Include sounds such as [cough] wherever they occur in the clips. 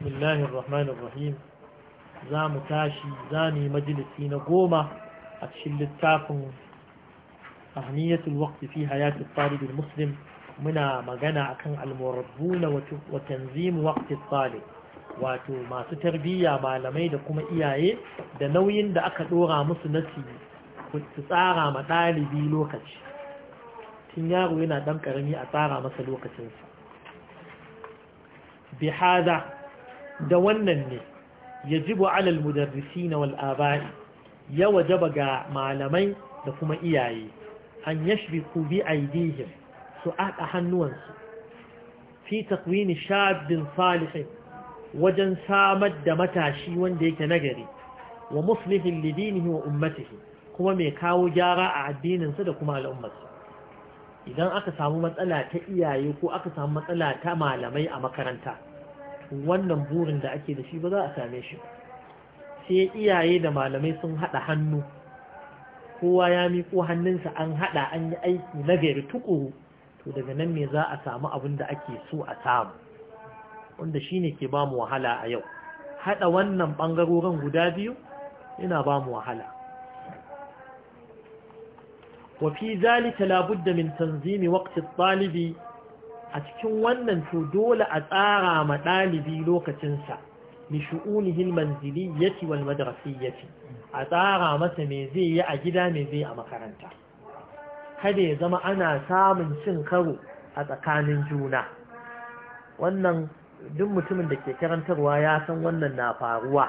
بسم الله الرحمن الرحيم زام تاشي زاني مجلسي نقوم أتشل التافن أهمية الوقت في muslim muna magana akan مغنى أكن wato masu tarbiyya malamai da kuma iyaye da nauyin da aka dora musu nasi su tsara ma ɗalibi lokaci tun yaro yana ɗan karami a tsara masa lokacinsa bihada da wannan ne yajibu alal mudarrisi na wal'abari, ya wajaba ga malamai da kuma iyaye an yashbiku bi aidihim su haɗa hannuwansu fi takwini shabin salihin wajen samar da matashi wanda yake nagari wa muslihin lidinihi wa ummatihi kuma mai kawo gyara a addininsa da kuma al'ummarsa idan aka samu matsala ta iyaye ko aka samu matsala ta malamai a makaranta wannan burin da ake da shi ba za a same shi sai iyaye da malamai sun haɗa hannu kowa ya miƙo hannunsa an haɗa an yi aiki na gari tukuru to daga nan me za a samu abin da ake so a samu wanda shi ne ke ba mu wahala a yau haɗa wannan ɓangarorin guda biyu yana ba mu wahala وفي ذلك min من تنظيم وقت الطالب a cikin wannan to dole a tsara ma ɗalibi lokacinsa li manzili yaci wal yaci a tsara masa me zai yi a gida me zai a makaranta kada ya zama ana samun cin karo a tsakanin juna wannan duk mutumin da ke karantarwa ya san wannan na faruwa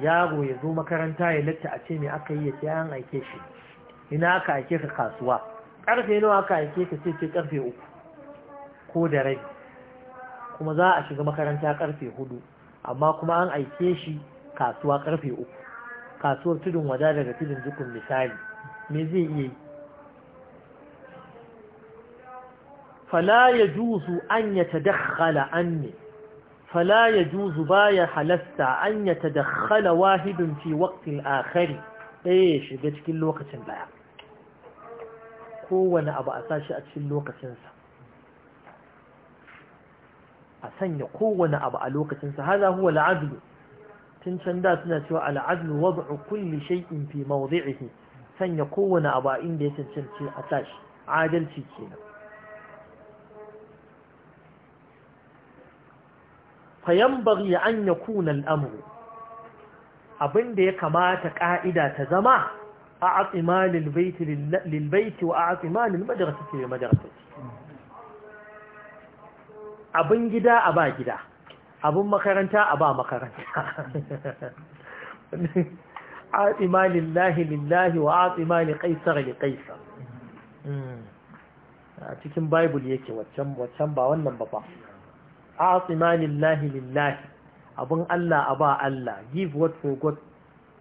yaro ya zo makaranta ya latta a ce me aka yi ya ce an aike shi ina aka aike ka kasuwa karfe nawa aka aike ka ce ce karfe uku ko da rai kuma za a shiga makaranta karfe hudu amma kuma an aike shi kasuwa karfe uku kasuwar tudun wada daga tudun dukun misali me zai iya yi fala ya juzu an ya an ne fala ya juzu baya halasta an ya tadakhala wahidun fi waktin akari ɗaya ya shiga cikin lokacin ɗaya kowane abu a sashi a cikin lokacinsa a sanya kowane abu a lokacin sa hada huwa al'adl tun can da suna cewa al'adl wad'u kulli shay'in fi mawdi'ihi sanya kowane abu a inda ya cancanci a tashi adalci kenan فينبغي ya يكون الأمر abin abinda ya kamata ƙa'ida ta zama a aƙimalin baiti lilbaiti wa a aƙimalin madarasa ce madarasa ce abin gida a ba gida abin makaranta a ba makaranta atima [laughs] lillahi lillahi wa a li kaisar da kaisar hmm. a cikin bible yake waccan waccan ba wannan ba ba atima lillahi lillahi abin Allah a ba Allah give what for God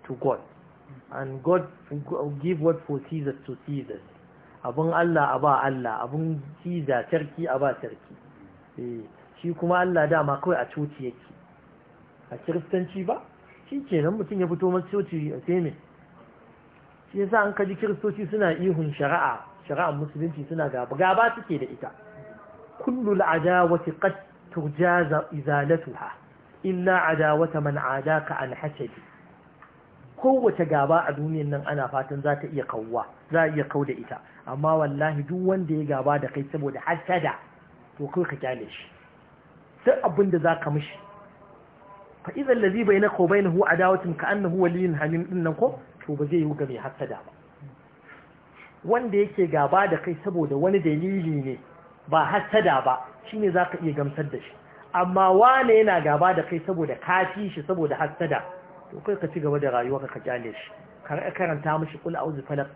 to God and God give what for Caesar to Caesar abin Allah a ba Allah abin Caesar sarki a ba sarki Eh, shi kuma Allah dama kawai a coci yake a kiristanci ba shi kenan mutum ya fito masu coci a sai shi yasa an kaji kiristoci suna ihun shari'a shari'ar musulunci suna gaba gaba suke da ita kullul adawati qad turjaza izalatuha illa adawata man adaka an hasadi kowace gaba a duniyan nan ana fatan za ta iya kawwa za a iya kau da ita amma wallahi duk wanda ya gaba da kai saboda hasada to kai ka kyale shi duk abin da za ka mishi fa idan lazi bai na ko bai na a ka annahu waliyin hamim din nan ko to ba zai yi ga mai hasada ba wanda yake gaba da kai saboda wani dalili ne ba hasada ba shine za ka iya gamsar da shi amma wane yana gaba da kai saboda kafi shi saboda hasada to kai ka ci gaba da rayuwa ka kyale shi karanta mishi kul a'udhu falaq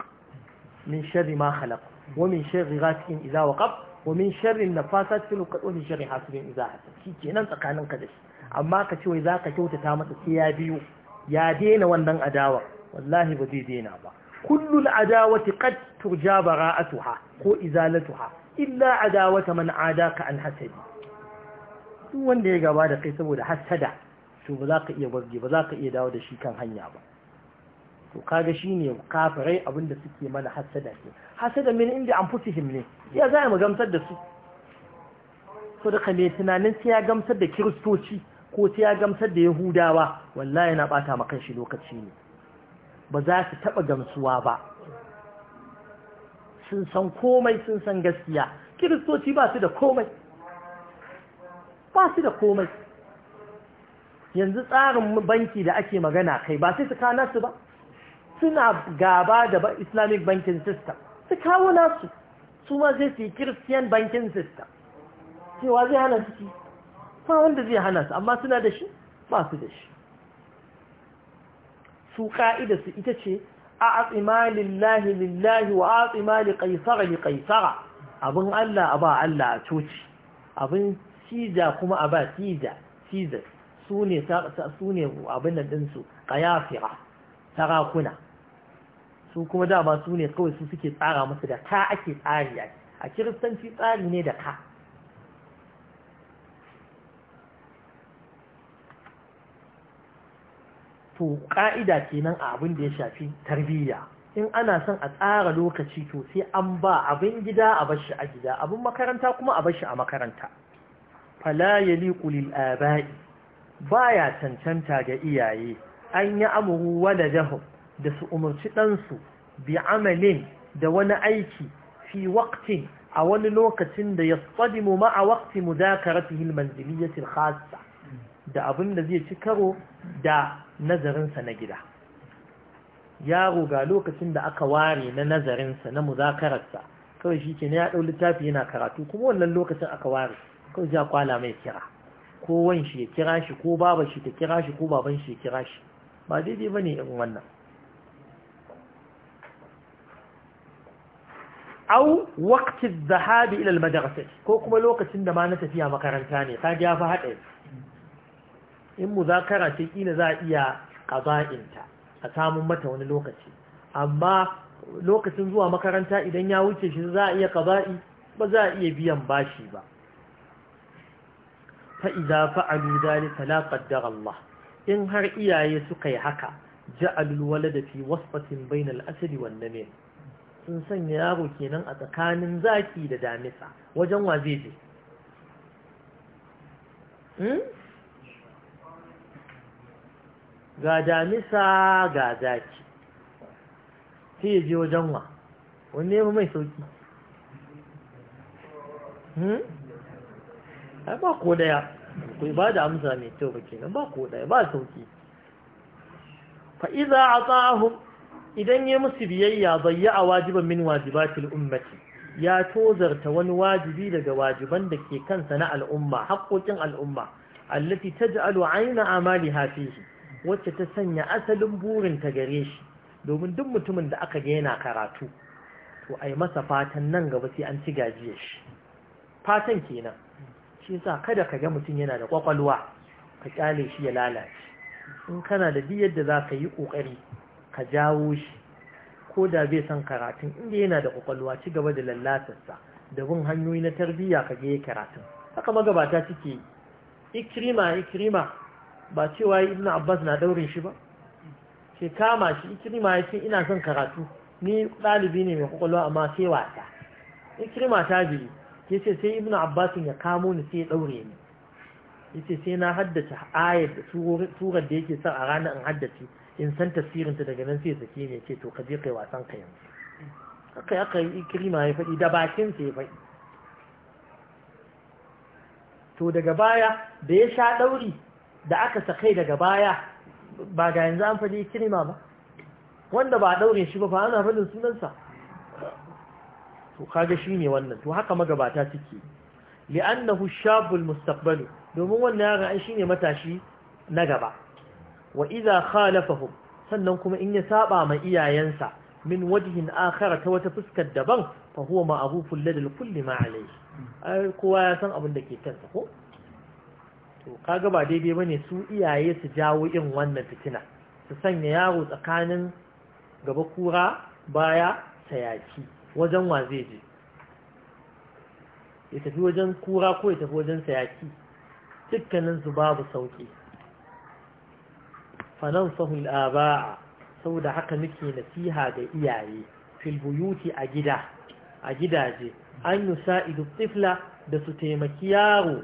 min sharri ma khalaq wa min sharri ghasiqin idha waqab wa min sharrin nafasat fil uqad wa min sharri hasidin idza hasad tsakanin ka da shi amma ka ce wai zaka kyautata masa sai ya biyu ya daina wannan adawa wallahi ba zai daina ba kullul adawati qad tujaba ra'atuha ko izalatuha illa adawata man adaka an hasadi duk wanda ya gaba da kai saboda hasada to ba za ka iya barge ba za ka iya dawo da shi kan hanya ba to kaga shine kafirai abinda suke mana hasada ke hasada min inda an fusihim ne ya za mu gamsar da su so da kame tunanin sai ya gamsar da kiristoci ko sai ya gamsar da yahudawa wallahi yana bata maka shi lokaci ne ba za su taba gamsuwa ba sun san komai sun san gaskiya kiristoci ba su da komai ba su da komai yanzu tsarin banki da ake magana kai ba sai su kana su ba suna gaba da islamic banking system su kawo nasu su ma zai su yi christian banking system cewa zai hana su ba wanda zai hana su amma suna da shi ba su da shi su ka'ida su ita ce a atsima lillahi lillahi wa atsima li kaisara li kaisara abin Allah a ba Allah a coci abin sija kuma a ba sija sija su ne abin da ɗinsu ƙayafira sarakuna su kuma dama su ne kawai su suke tsara musu da ka ake tsari a kiristanci tsari ne da ka to ka'ida kenan a abin da ya shafi tarbiyya in ana son a tsara lokaci to sai an ba abin gida a bashi a gida abin makaranta kuma a bashi a makaranta fala yaliqu lil Ba ya cancanta ga iyaye an yi amuru jahun da su umarci ɗansu bi amalin da wani aiki fi waƙtin a wani lokacin da ya tsadimu ma'a waqti hilman almanziliyyati alkhassa da abin da zai ci karo da nazarinsa na gida yaro ga lokacin da aka ware na nazarinsa na muzakararsa kawai shi ke na ya ɗau littafi yana karatu kuma wannan lokacin aka ware kawai ja kwala mai kira ko wan ya kira shi ko baba shi ta kira shi ko baban shi ya kira shi ba daidai ba ne irin wannan au waqti dhahabi ila al-madrasah ko kuma lokacin da ma na tafiya makaranta ne kaga ya fa hada in muzakara ce kila za a iya qaza'inta a samun mata wani lokaci amma lokacin zuwa makaranta idan ya wuce shi za iya qaza'i ba za iya biyan bashi ba fa idza fa'alu dhalika la da Allah in har iyaye suka yi haka ja'alul walada fi wasfatin bainal asli wan namim sun sanya yaro kenan a tsakanin zaki da damisa wajen wa zai je hmm? ga damisa ga zaki sai ya je wajen wa wanne ya mai sauki hmm? ai ba ko daya ku ba da amsa mai kyau ba kenan ba ko daya ba sauki fa iza tsahun idan ya musu biyayya bayya a wajiban min wajibatil ummati ya tozarta wani wajibi daga wajiban da ke kansa na al'umma haƙoƙin al'umma allati taj'alu ayna amaliha fihi wacce ta sanya asalin burin ta gare shi domin duk mutumin da aka ga yana karatu to ai masa fatan nan gaba sai an ci gajiya shi fatan kenan shi yasa kada ka ga mutum yana da kwakwalwa ka kyale shi ya lalace in kana da biyar da za ka yi ƙoƙari ka jawo shi ko da bai san karatun inda yana da kwakwalwa ci gaba da lallatarsa da bin hanyoyi na tarbiyya ka je karatun haka magabata suke ikrima ikrima ba cewa ibnu abbas na daurin shi ba ke kama shi ikrima ya ce ina son karatu ni ɗalibi ne mai kwakwalwa amma sai wasa ikrima ta biyu ya ce sai ibnu abbas ya kamo ni sai ya daure ni ya ce sai na haddace ayar da turar da yake son a ranar in haddace in san tasirinta daga nan sai sake ne ce to kaje kai wasan ka yanzu yi aka yi kirima ya faɗi da bakin sai ya to daga baya da ya sha ɗauri da aka sakai daga baya ba ga yanzu an faɗi kirima ba wanda ba ɗaure shi ba ba ana faɗin sunansa to kaga shi ne wannan to haka magabata suke li'annahu shabul mustaqbalu domin wannan yaran ai shine matashi na gaba wa idza khalafahum sannan kuma in ya saba ma iyayensa min wajhin akhar ta wata fuskar daban fa huwa ma'rufun ladal kulli ma alayhi ai kowa ya san abin da ke kansa ko to kaga ba daidai bane su iyaye su jawo irin wannan fitina su sanya yaro tsakanin gaba kura baya sayaki wajen wa zai je ya tafi wajen kura ko ya tafi wajen sayaki dukkaninsu babu sauki fanansahun labara saboda haka muke nasiha ga iyaye filbuyuti a gida a gidaje an yi sa’idun tsifla da su taimaki yaro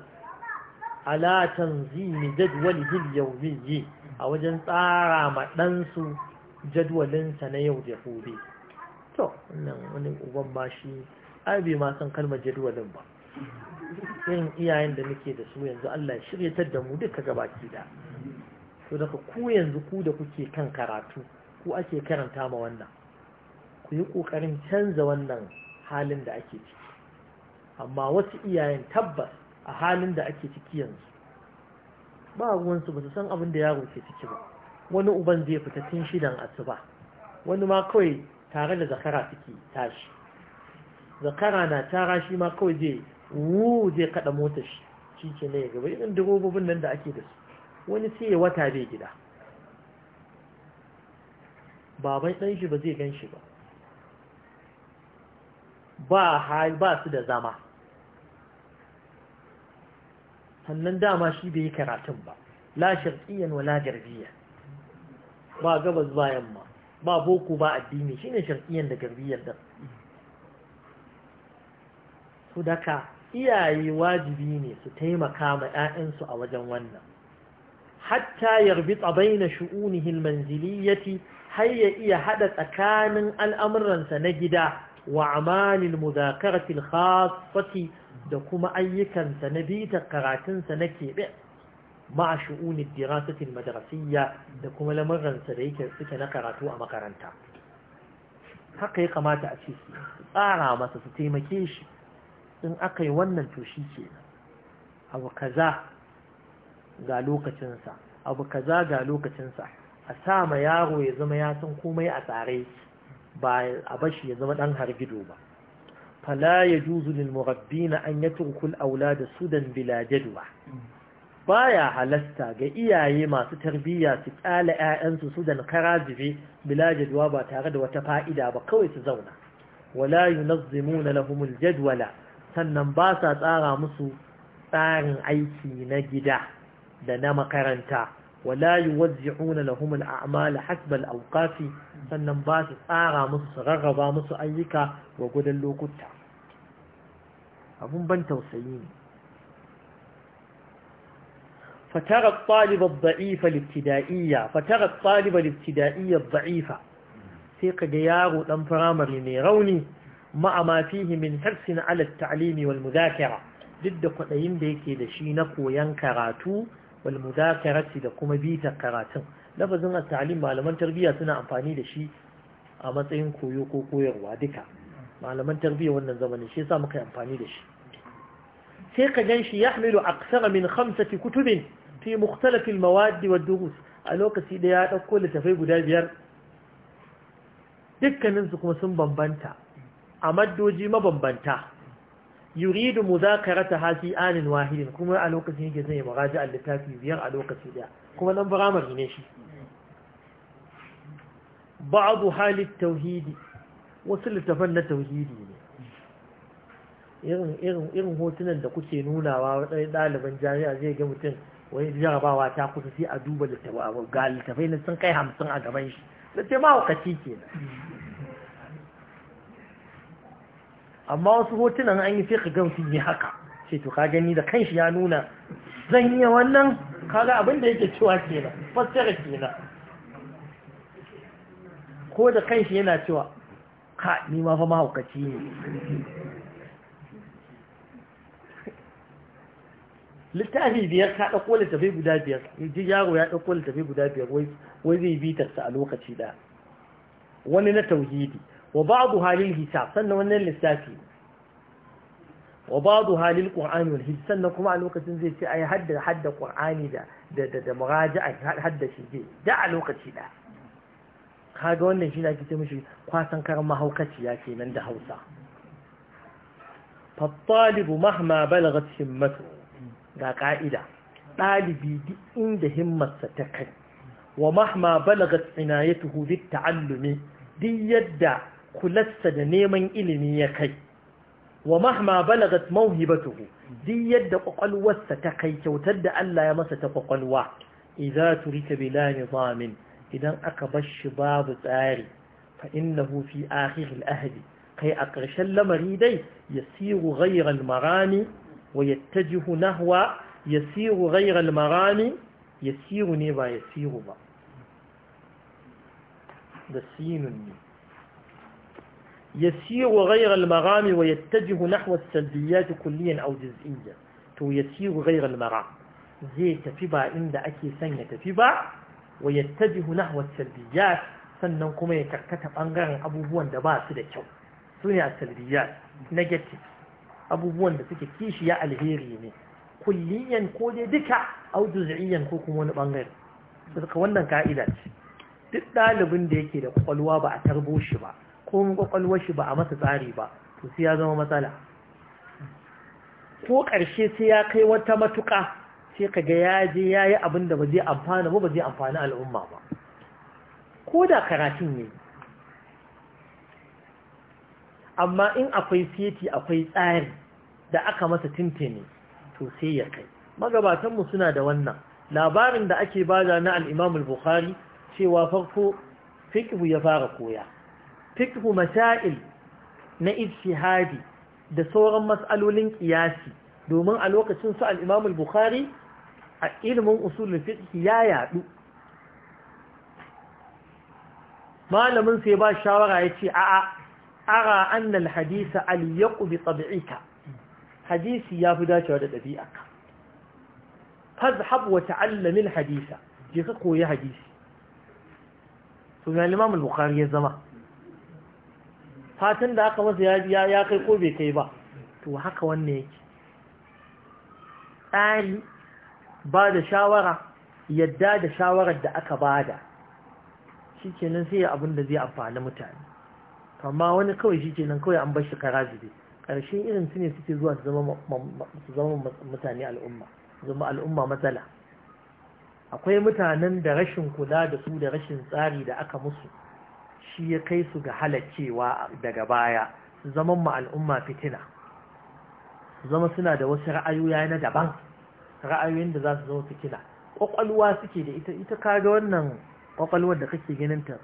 alatan zini jadwali jil yau yi a wajen tsara maɗansu jadwalinsa na yau da hobe to wannan wani ba shi abi ma san kalmar jadwalin ba yin iyayen da muke da su yanzu allah shirya ta damu duka gabaki da to daga ku yanzu ku da kuke kan karatu ku ake karanta ma wannan ku yi kokarin canza wannan halin da ake ciki amma wasu iyayen tabbas a halin da ake ciki yanzu ba ruwansu ba su san abin da yaro ke ciki ba wani uban zai fita tun shidan asuba wani ma kawai tare da zakara suke tashi zakara na tara shi ma kawai zai wu zai kada motar shi shi ke na ya gaba irin durobobin nan da ake da su wani siye wata bai gida baban ɗan shi ba zai gan shi ba ba ba su da zama sannan dama shi bai yi karatun ba la sharqiyyan wala garbiya. ba gabas zuwa yamma ba boko ba addini shine sharqiyyan da garbiyar da su daka iyaye wajibi ne su taimaka ma 'ya'yansu a wajen wannan hatta yarbita baina shu'unihi almanziliyyati har ya iya haɗa tsakanin al'amuransa na gida wa amalil muzakarati alkhassati da kuma ayyukansa na bitar karatunsa na keɓe a shu'unin dirasatin madrasiyya da kuma lamuransa da yake suke na karatu a makaranta haka ya kamata a ce su tsara masa su taimake shi in aka yi wannan toshi shi ke abu kaza ga lokacinsa abu kaza ga lokacinsa a sa ma yaro ya zama ya san komai a tsare ba a bashi ya zama dan hargido ba fala ya juzu lil murabbina an yatrukul al aulada sudan bila jadwa baya halasta ga iyaye masu tarbiyya su kala ƴaƴansu sudan karajibe bila jadwa ba tare da wata fa'ida ba kawai su zauna wala yunazzimuna lahum al jadwala sannan ba sa tsara musu tsarin aiki na gida da na makaranta wala yuwazzi'una lahum al'amala hasbal al'awqati sannan ba su tsara musu su rarraba musu ayyuka wa gudan lokuta abun ban tausayi ne fatara taliba da'ifa littida'iyya fatara taliba littida'iyya da'ifa sai kaga yaro dan firamare mai rauni ma'a ma fihi min harsin ala at-ta'limi wal mudhakara duk da kwadayin da yake da shi na koyan karatu walmudakarati da kuma bitar karatun lafazin at-ta'lim malaman tarbiyya suna amfani da shi a matsayin koyo ko koyarwa duka malaman tarbiyya wannan zamanin shi yasa muka amfani da shi sai ka ganshi, yahmilu aksara min khamsati kutubin fi mukhtalaf al-mawad wa durus a lokaci da ya dauko littafai guda biyar dukkaninsu kuma sun bambanta a maddoji mabambanta yuridu rata hasi anin wahilin, kuma a lokacin yake zai muraji a littafi biyar a lokaci daya kuma nan firamare ne shi ba'adu halin tauhidi wasu littafan na tauhidi ne irin hotunan da kuke nunawa wadai ɗaliban jami'a zai ga mutum wani jarabawa ta kusa sai a duba littafai ga na sun kai hamsin a gaban shi da ce ma wakaci ke amma wasu hotunan an yi fiƙa gan sun yi haka sai to ka gani da kanshi ya nuna zan yi wannan kaga abin da yake cewa kenan fassara kenan ko da kanshi yana cewa ka ni ma fa mahaukaci ne littafi biyar ka ɗauko littafi guda biyar ji yaro ya ɗauko littafi guda biyar wai zai bitarsa a lokaci ɗaya wani na tauhidi wa ba'du halil hisab sannan wannan lissafi wa ba'du halil qur'ani wal hisab sannan kuma a lokacin zai ce ayi hadda hadda qur'ani da da da muraja'a hadda shi zai da a lokaci da kaga wannan shi ake ce mishi kwasan karan mahaukaciya kenan da Hausa فالطالب مهما بلغت همته ga ka'ida ɗalibi duk inda himmarsa ta kai wa mahma balagat inayatuhu bit ta'allumi duk yadda Kulasta da neman ilimi ya kai wa mahma balagat mauhibatuhu duk yadda kwakwalwarsa ta kai kyautar da Allah ya masa ta kwakwalwa idza turika bila nizamin idan aka bar shi babu tsari fa innahu fi akhir al-ahdi kai a ƙarshen lamari dai yasiru ghayra al-marami wa yattajihu nahwa yasiru ghayra al-marami yasiru ne ba yasiru ba da sinun ne يسير غير المرام ويتجه نحو السلبيات كليا أو جزئيا تو يسير غير المرام زي تفبا عند أكي سنة تفبا ويتجه نحو السلبيات sannan kuma ya karkata ɓangaren abubuwan da ba su da kyau su ne a salbiyar negative abubuwan da suke kishiya alheri ne kulliyan ko dai duka au juz'iyyan ko kuma wani ɓangare daga wannan ka'ida ce duk ɗalibin da yake da kwakwalwa ba a tarbo shi ba ko mun kwakwalwar shi ba a masa tsari ba to ya zama matsala ko ƙarshe sai ya kai wata matuƙa sai ka ga ya je ya yi abin da ba zai amfana ba ba zai amfani al'umma ba ko da karatun ne amma in akwai seti akwai tsari da aka masa tintini to sai ya kai magabatanmu suna da wannan labarin da ake bada na al'imamul bukhari cewa farko fikihu ya fara koya fiqhu masail na ijtihadi da sauran mas'alolin qiyasi domin a lokacin su al-Imam al-Bukhari a ilimin usulul fiqh ya yadu malamin sai ba shawara yace a'a ara anna al-hadith al-yaqu bi tab'ika hadisi yafi dacewa da dabi'arka fazhab wa ta'allam al-hadith je ka koyi hadisi to al-Imam al-Bukhari ya zama fatan da aka masa ya kai ko bai kai ba to haka wannan yake tsari ba da shawara yadda da shawarar da aka bada kenan sai abin da zai amfani mutane amma wani kawai shi kenan kawai an bar kara zube ƙarshen irin su ne suke zuwa su zama mutane al'umma zama al'umma matsala akwai mutanen da rashin kula da su da rashin tsari da aka musu shi ya kai su ga halaccewa daga baya su zama ma al'umma fitina su zama suna da wasu ra'ayoyi na daban ra'ayoyin da za su zama fitina ƙwaƙwalwa suke da ita ita kaga wannan ƙwaƙwalwar da kake ganin ta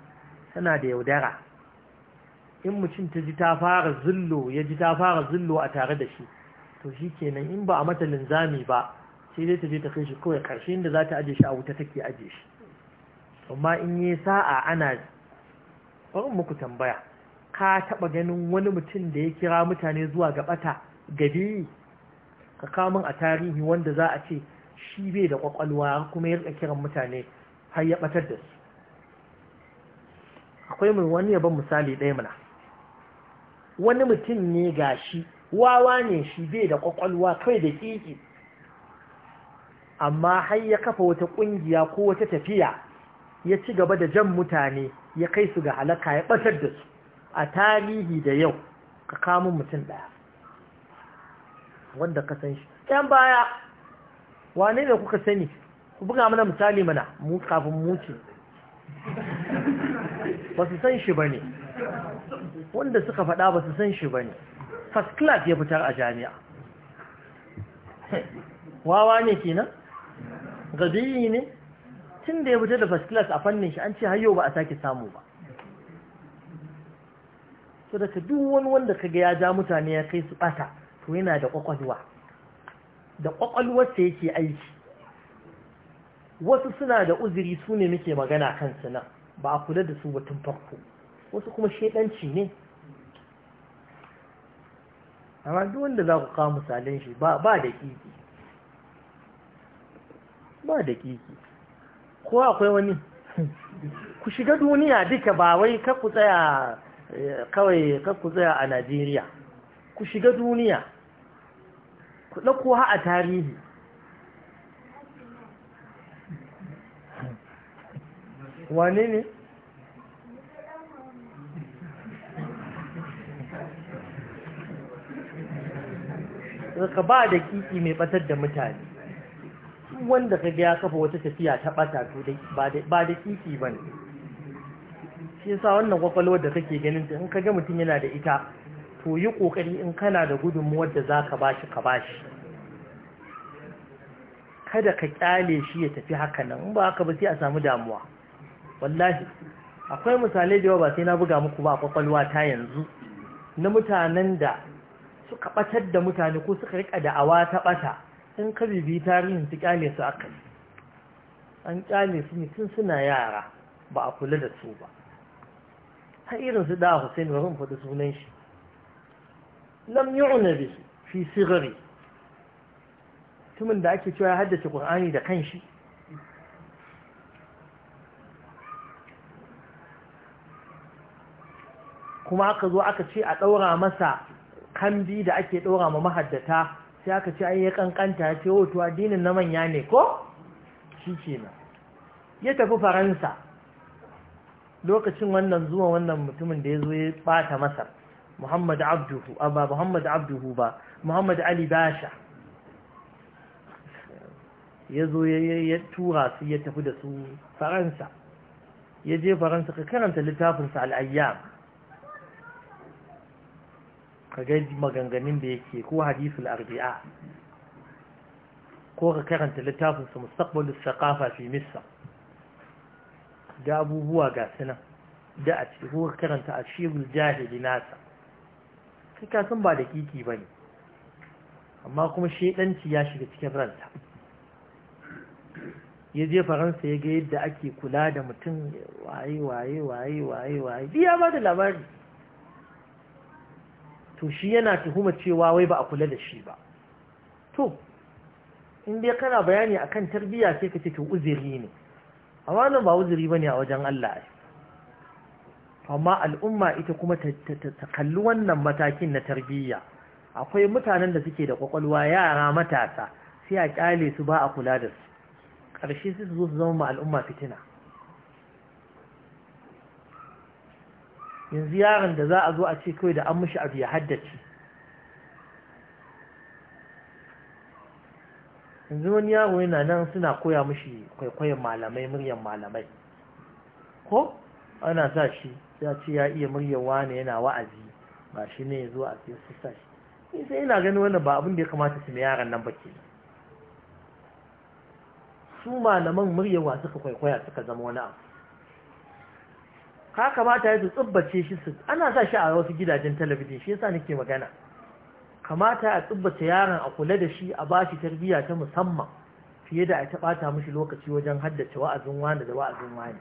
tana da yaudara in mutum ta ji ta fara zullo ya ji ta fara zullo a tare da shi to shi kenan in ba a mata linzami ba sai dai ta je ta kai shi kawai ƙarshen da za ta aje shi a wuta take aje shi amma in yi sa'a ana bari muku tambaya ka taɓa ganin wani mutum da ya kira mutane zuwa ga ɓata gabi ka kamun a tarihi wanda za a ce shi bai da ƙwaƙwalwa kuma ya rika kiran mutane har ya ɓatar da su akwai mai wani yaban misali ɗaya mana wani mutum ne ga shi wawa ne shi bai da ƙwaƙwalwa kai da ƙiƙi amma har ya kafa wata ƙungiya ko wata tafiya ya ci gaba da jan mutane ya kai su ga halaka ya ɓatar da su a tarihi da yau ka kamun mutum ɗaya wanda ka san shi ɗan baya wane ne kuka sani ku buga mana misali mana mu kafin muci ba su san shi ba ne wanda suka faɗa ba su san shi ba ne first class ya fitar a jami'a wawa ne kenan gabiyi ne lokacin da ya fita da first class a fannin shi an ce har ba a sake samu ba To da ka duk wani wanda ka ga ya ja mutane ya kai su bata to yana da kwakwalwa da kwakwalwarsa yake aiki wasu suna da uzuri su ne muke magana su nan ba a kula da su ba tun farko wasu kuma shaidanci ne amma duk wanda za ku kawo misalin shi ba da kiki ba da kiki ko akwai wani ku shiga duniya duka ba wai ku tsaya eh, kawai ku tsaya a najeriya ku shiga duniya ku ɗauko ha a tarihi wane ne ka ba da kiki mai batar da mutane wanda ka ga ya kafa wata tafiya ta bata to dai ba da kiki ba ne shi yasa wannan kwakwalwar da kake ganin ta in ka ga mutum yana da ita to yi kokari in kana da gudunmuwar da za ka bashi ka bashi kada ka kyale shi ya tafi haka nan in ba haka ba sai a samu damuwa wallahi akwai misalai da yawa ba sai na buga muku ba a kwakwalwa ta yanzu na mutanen da suka ɓatar da mutane ko suka rika awa ta ɓata. in ka bibi tarihin su kyale su aka yi an kyale su ne tun suna yara ba a kula da su ba har irin su da Hussein ba faɗi sunan shi lam yu'na bihi fi sigari tumin da ake cewa ya haddace Qur'ani da kanshi kuma aka zo aka ce a ɗaura masa kambi da ake ɗaura ma mahaddata sai aka ce ai ya kankanta ya ce wato oh, addinin na manya ne ko shi kenan ya tafi faransa lokacin wannan zuwa wannan mutumin da ya zo ya bata masar Muhammadu abduhu ba Muhammadu abduhu ba muhammad ali basha ya zo ya tura su ya tafi da su faransa ya je faransa ka karanta littafinsa al'ayyam ka ga maganganun da yake ko hadisul arbi'a ko ka karanta littafin su mustaqbalus saqafa fi misr da abubuwa ga sanan da a cikin ko ka karanta ashirul jahili nasa kika ka san ba da kiki bane amma kuma shedanci ya shiga cikin ranta ya je faransa ya ga yadda ake kula da mutum waye waye waye waye waye ya ba da labari to shi yana tuhuma cewa wai ba a kula da shi ba to in dai kana bayani akan tarbiyya sai ka ce to uzuri ne amma nan ba uzuri bane a wajen Allah amma al'umma ita kuma ta kalli wannan matakin na tarbiyya akwai mutanen da suke da kwakwalwa yara matasa sai a kyale su ba a kula da su ƙarshe su zo su zama ma al'umma fitina yanzu yaron da za a zo a ce kawai da an mishi abu ya haddace yanzu wani yaro yana nan suna koya mishi kwaikwayon malamai muryan malamai ko ana sa shi ya ce ya iya muryan wane yana wa'azi ba shi ne zuwa a ce su sa shi nisa yana gani wannan ba abin da ya kamata su mai yaran nan ba ke su malaman muryan wa suka kwaikwaya suka zama wani abu ka kamata su tsubbace shi su ana sa shi a wasu gidajen talabijin shi yasa nake magana kamata a tsubbace yaron a kula da shi a bashi tarbiyya ta musamman fiye da a taɓata mashi lokaci wajen haddace wa'azin wani da wa'azin wani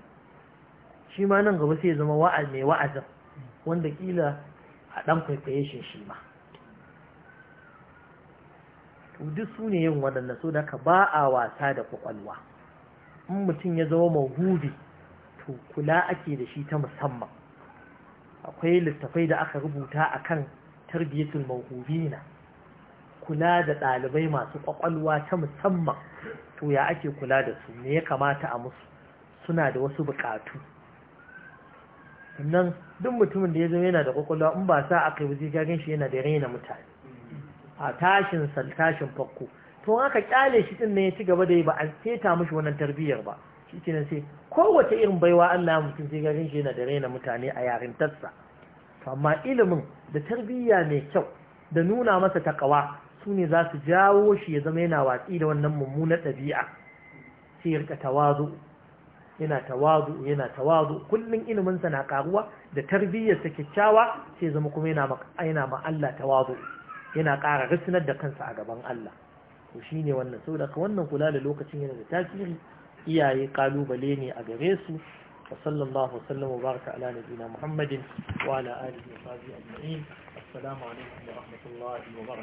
shi ma nan gaba sai zama wa'al mai wa'azin wanda kila a ɗan kwaikwaye shi shi ma to duk su ne yin waɗanda so da ka ba a wasa da kwakwalwa in mutum ya zama mahudi wato kula ake da shi ta musamman akwai littafai da aka rubuta a kan tarbiyyatul mawhubina kula da ɗalibai masu ƙwaƙwalwa ta musamman to ya ake kula da su ne ya kamata a musu suna da wasu buƙatu sannan duk mutumin da ya zama yana da ƙwaƙwalwa in ba sa aka yi wuzi shi yana da raina mutane a tashin sal tashin farko to aka kyale shi din ne ya ci gaba da yi ba a seta mishi wannan tarbiyyar ba shi ke sai kowace irin baiwa Allah ya mutum sai garin shi yana da raina mutane a yarintarsa amma ilimin da tarbiyya mai kyau da nuna masa takawa su ne za su jawo shi ya zama yana watsi da wannan mummunar ɗabi'a sai ya rika tawazu yana tawazu yana tawazu kullum iliminsa na karuwa da tarbiyyarsa kyakkyawa sai zama kuma yana yana ma Allah tawazu yana ƙara risinar da kansa a gaban Allah to shine wannan saboda wannan kula da lokacin yana da tasiri iyaye kalubale ne a gare su wa baraka ala nabiyina muhammadin wa ala alihi wa sahbihi ajma'in assalamu wa rahmatullahi wa